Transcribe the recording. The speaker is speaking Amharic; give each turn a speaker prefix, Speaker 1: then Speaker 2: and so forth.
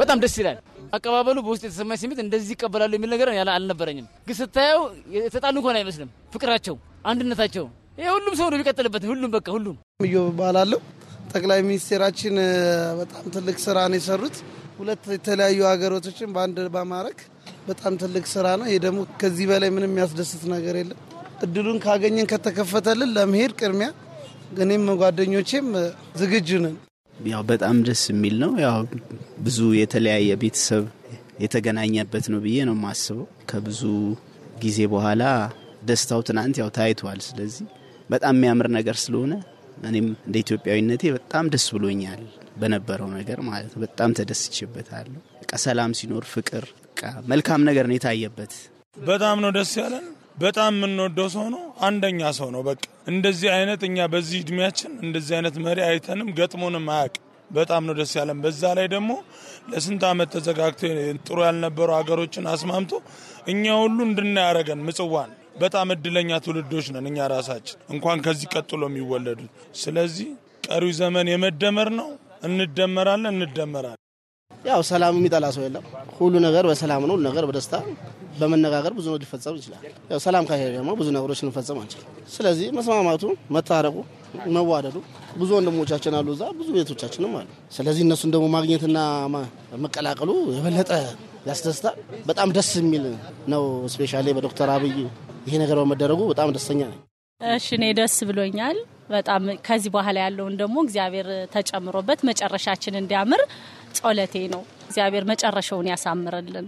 Speaker 1: በጣም ደስ ይላል። አቀባበሉ በውስጥ የተሰማኝ ስሜት እንደዚህ ይቀበላሉ የሚል ነገር አልነበረኝም። ግን ስታየው የተጣሉ እንኳን አይመስልም። ፍቅራቸው፣ አንድነታቸው ሁሉም ሰው ነው የሚቀጥልበት። ሁሉም በቃ ሁሉም
Speaker 2: እዮ ባላለው ጠቅላይ ሚኒስቴራችን በጣም ትልቅ ስራ ነው የሰሩት። ሁለት የተለያዩ ሀገሮቶችን በአንድ በማድረግ በጣም ትልቅ ስራ ነው። ይሄ ደግሞ ከዚህ በላይ ምንም የሚያስደስት ነገር የለም። እድሉን ካገኘን ከተከፈተልን ለመሄድ ቅድሚያ እኔም
Speaker 3: ጓደኞቼም ዝግጁ ነን። ያው በጣም ደስ የሚል ነው። ያው ብዙ የተለያየ ቤተሰብ የተገናኘበት ነው ብዬ ነው የማስበው። ከብዙ ጊዜ በኋላ ደስታው ትናንት ያው ታይቷል። ስለዚህ በጣም የሚያምር ነገር ስለሆነ እኔም እንደ ኢትዮጵያዊነቴ በጣም ደስ ብሎኛል። በነበረው ነገር ማለት ነው በጣም ተደስቼበታለሁ። ሰላም ሲኖር ፍቅር፣ መልካም ነገር ነው የታየበት።
Speaker 4: በጣም ነው ደስ ያለን። በጣም የምንወደው ሰው ነው። አንደኛ ሰው ነው። በቃ እንደዚህ አይነት እኛ በዚህ እድሜያችን እንደዚህ አይነት መሪ አይተንም ገጥሞንም አያውቅ። በጣም ነው ደስ ያለን። በዛ ላይ ደግሞ ለስንት ዓመት ተዘጋግቶ ጥሩ ያልነበሩ ሀገሮችን አስማምቶ እኛ ሁሉ እንድናያረገን ምጽዋን በጣም እድለኛ ትውልዶች ነን እኛ ራሳችን እንኳን ከዚህ ቀጥሎ የሚወለዱት። ስለዚህ ቀሪው ዘመን የመደመር ነው። እንደመራለን እንደመራለን። ያው
Speaker 1: ሰላም የሚጠላ ሰው የለም። ሁሉ ነገር በሰላም ነው። ሁሉ ነገር በደስታ በመነጋገር ብዙ ነገር ሊፈጸም ይችላል። ያው ሰላም ከሄደ ደግሞ ብዙ ነገሮች ልንፈጽም አንችልም። ስለዚህ መስማማቱ፣ መታረቁ፣ መዋደዱ ብዙ ወንድሞቻችን አሉ እዛ ብዙ ቤቶቻችንም አሉ። ስለዚህ እነሱን ደግሞ ማግኘትና መቀላቀሉ የበለጠ ያስደስታል። በጣም ደስ የሚል ነው። ስፔሻሊ በዶክተር አብይ ይሄ ነገር በመደረጉ በጣም ደስተኛ ነኝ።
Speaker 5: እሺ፣ እኔ ደስ ብሎኛል በጣም ከዚህ በኋላ ያለውን ደግሞ እግዚአብሔር ተጨምሮበት መጨረሻችን እንዲያምር ጸሎቴ ነው። እግዚአብሔር መጨረሻውን ያሳምርልን።